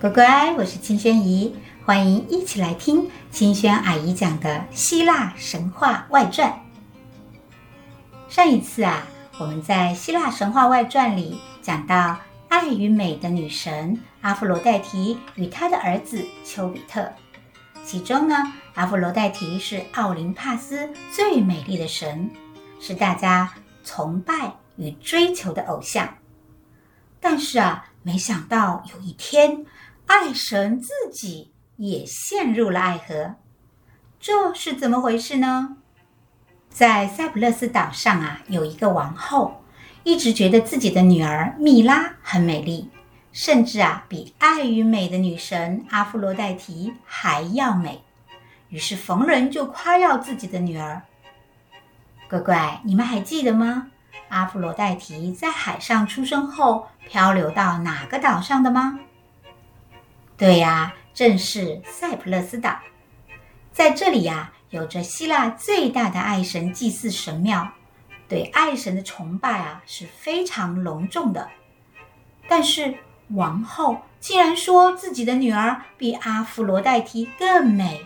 乖乖，我是青萱姨，歡迎一起來聽青萱阿姨講的《希臘神話外傳》。上一次啊，我們在《希臘神話外傳》裡講到愛與美的女神阿芙羅黛蒂與她的兒子丘比特。其中呢，阿芙羅黛蒂是奧林帕斯最美麗的神，是大家崇拜與追求的偶像。但是啊，沒想到有一天。愛神自己也陷入了愛河，這是怎麼回事呢？在塞浦路斯島上啊，有一個王後，一直覺得自己的女兒米拉很美麗，甚至啊，比愛與美的女神阿芙羅戴提還要美。於是逢人就誇耀自己的女兒。乖乖，你們還記得嗎？阿芙羅戴提在海上出生後，漂流到哪個島上的嗎？對呀、啊，正是塞浦路斯島，在這裡呀、啊，有着希臘最大的愛神祭祀神廟，對愛神的崇拜啊是非常隆重的。但是王后竟然說自己的女兒比阿芙羅黛蒂更美，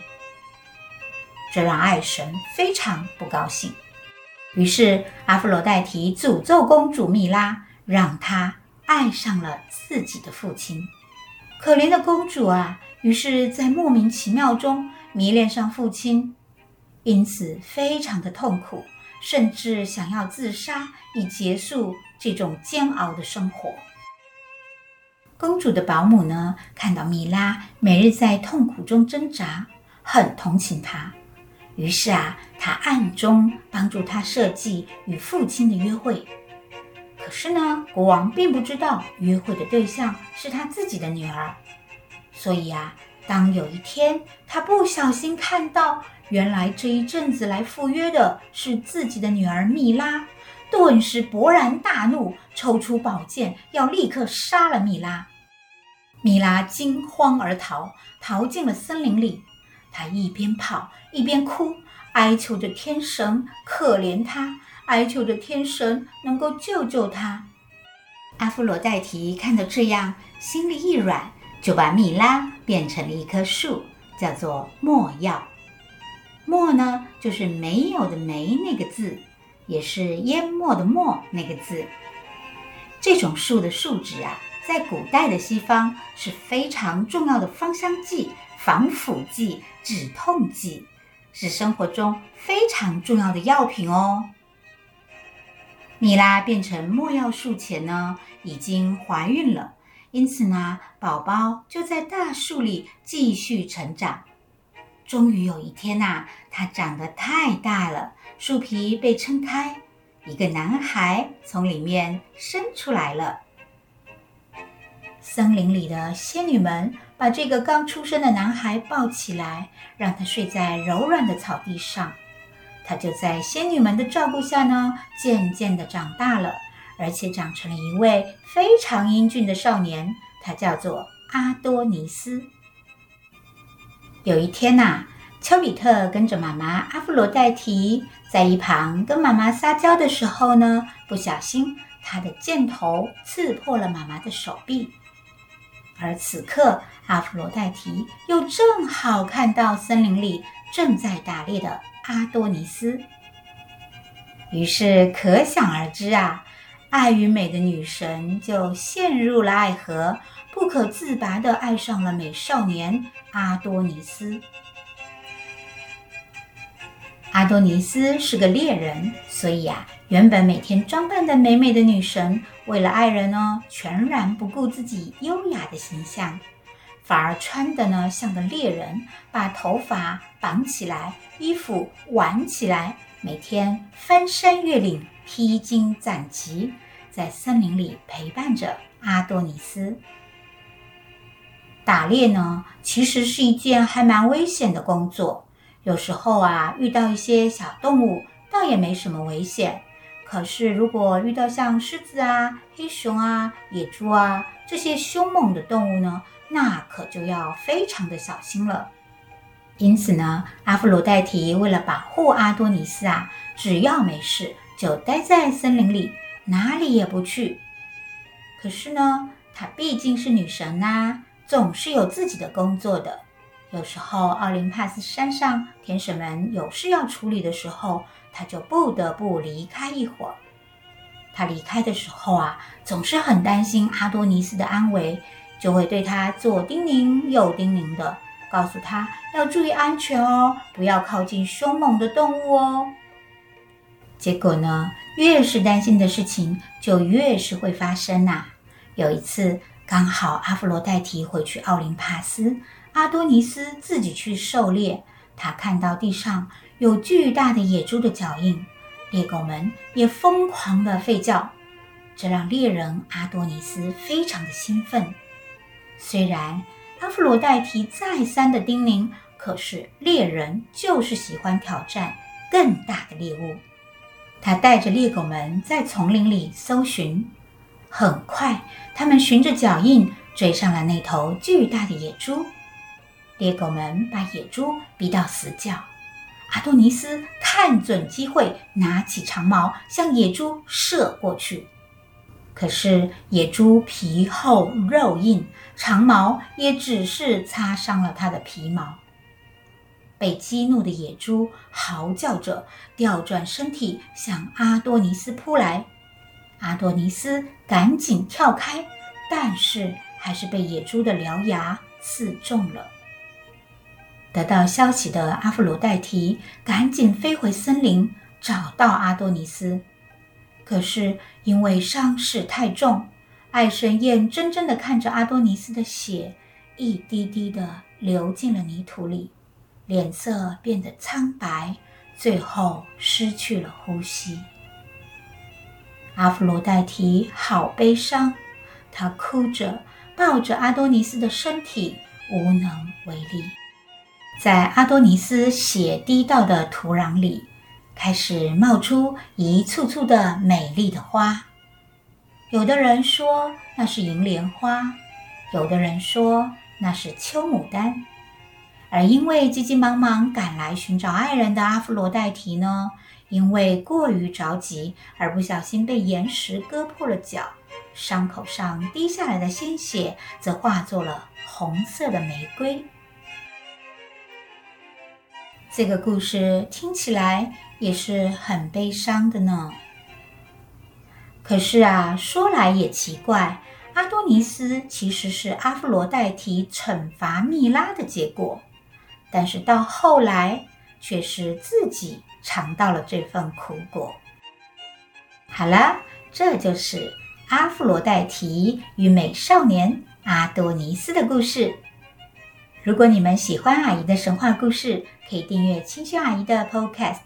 這讓愛神非常不高興。於是阿芙羅黛蒂詛咒公主米拉，讓她愛上了自己的父親。可憐的公主啊，於是，在莫名其妙中迷戀上父親，因此非常的痛苦，甚至想要自殺以結束這種煎熬的生活。公主的保姆呢，看到米拉每日在痛苦中掙扎，很同情她，於是啊，她暗中幫助她設計與父親的約會。可是呢，國王並不知道約會的對象是他自己的女兒，所以啊，當有一天他不小心看到原來這一陣子來赴約的是自己的女兒米拉，頓時勃然大怒，抽出寶劍要立刻殺了米拉。米拉驚慌而逃，逃進了森林裡。她一邊跑一邊哭，哀求着天神可憐她。哀求着天神能夠救救他。阿弗羅代提看到這樣，心裡一軟，就把米拉變成了一棵樹，叫做墨藥。墨呢，就是沒有的沒那個字，也是淹沒的沒那個字。這種樹的樹脂啊，在古代的西方是非常重要的芳香劑、防腐劑、止痛劑，是生活中非常重要的藥品哦。米拉變成沒藥樹前呢，已經懷孕了，因此呢，寶寶就在大樹裡繼續成長。終於有一天吶、啊，他長得太大了，樹皮被撐開，一個男孩從裡面生出來了。森林裡的仙女們把這個剛出生的男孩抱起來，讓他睡在柔軟的草地上。他就在仙女們的照顧下呢，漸漸地長大了，而且長成了一位非常英俊的少年。他叫做阿多尼斯。有一天吶、啊，丘比特跟着媽媽阿芙羅黛提在一旁跟媽媽撒嬌的時候呢，不小心他的箭頭刺破了媽媽的手臂。而此刻，阿芙羅黛提又正好看到森林裡正在打獵的。阿多尼斯，於是可想而知啊，愛與美的女神就陷入了愛河，不可自拔的愛上了美少年阿多尼斯。阿多尼斯是個獵人，所以啊，原本每天裝扮的美美的女神，為了愛人哦，全然不顧自己優雅的形象。反而穿的呢像個獵人，把頭髮綁起來，衣服挽起來，每天翻山越嶺、披荊斬棘，在森林裡陪伴着阿多尼斯。打獵呢，其實是一件還蠻危險的工作。有時候啊，遇到一些小動物，倒也沒什麼危險。可是如果遇到像獅子啊、黑熊啊、野豬啊這些凶猛的動物呢？那可就要非常的小心了。因此呢，阿芙羅代提為了保護阿多尼斯啊，只要沒事就待在森林裡，哪裡也不去。可是呢，她畢竟是女神吶、啊，總是有自己的工作的。有時候奧林帕斯山上天神們有事要處理的時候，她就不得不離開一會兒。她離開的時候啊，總是很擔心阿多尼斯的安危。就會對他左叮嚀右叮嚀的，告訴他要注意安全哦，不要靠近兇猛的動物哦。結果呢，越是擔心的事情就越是會發生吶、啊。有一次，剛好阿佛羅代提回去奧林帕斯，阿多尼斯自己去狩獵。他看到地上有巨大的野豬的腳印，獵狗們也瘋狂的吠叫，這讓獵人阿多尼斯非常的興奮。雖然阿弗羅戴提再三的叮嚀，可是獵人就是喜歡挑戰更大的獵物。他帶着獵狗們在叢林裡搜尋，很快，他們循着腳印追上了那頭巨大的野豬。獵狗們把野豬逼到死角，阿多尼斯看準機會，拿起長矛向野豬射過去。可是野豬皮厚肉硬，長矛也只是擦傷了它的皮毛。被激怒的野豬嚎叫着，調轉身體向阿多尼斯撲來。阿多尼斯趕緊跳開，但是還是被野豬的獠牙刺中了。得到消息的阿弗羅戴提趕緊飛回森林，找到阿多尼斯，可是。因為傷勢太重，愛神眼睜睜的看着阿多尼斯的血一滴滴地流進了泥土裡，臉色變得蒼白，最後失去了呼吸。阿佛羅戴提好悲傷，她哭着抱着阿多尼斯的身體，無能為力，在阿多尼斯血滴到的土壤裡，開始冒出一簇簇的美麗的花，有的人說那是銀蓮花，有的人說那是秋牡丹。而因為急急忙忙趕來尋找愛人的阿弗羅代提呢，因為過於着急而不小心被岩石割破了腳，傷口上滴下來的鮮血則化作了紅色的玫瑰。這個故事聽起來也是很悲傷的呢。可是啊，說來也奇怪，阿多尼斯其實是阿芙羅黛蒂懲罰蜜拉的結果，但是到後來卻是自己嘗到了這份苦果。好了，這就是阿芙羅黛蒂與美少年阿多尼斯的故事。如果你們喜歡阿姨的神話故事，可以訂閱青萱阿姨的 Podcast，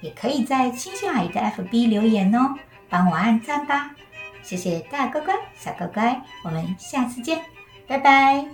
也可以在青萱阿姨的 FB 留言哦，幫我按讚吧，謝謝大乖乖、小乖乖，我們下次見，拜拜。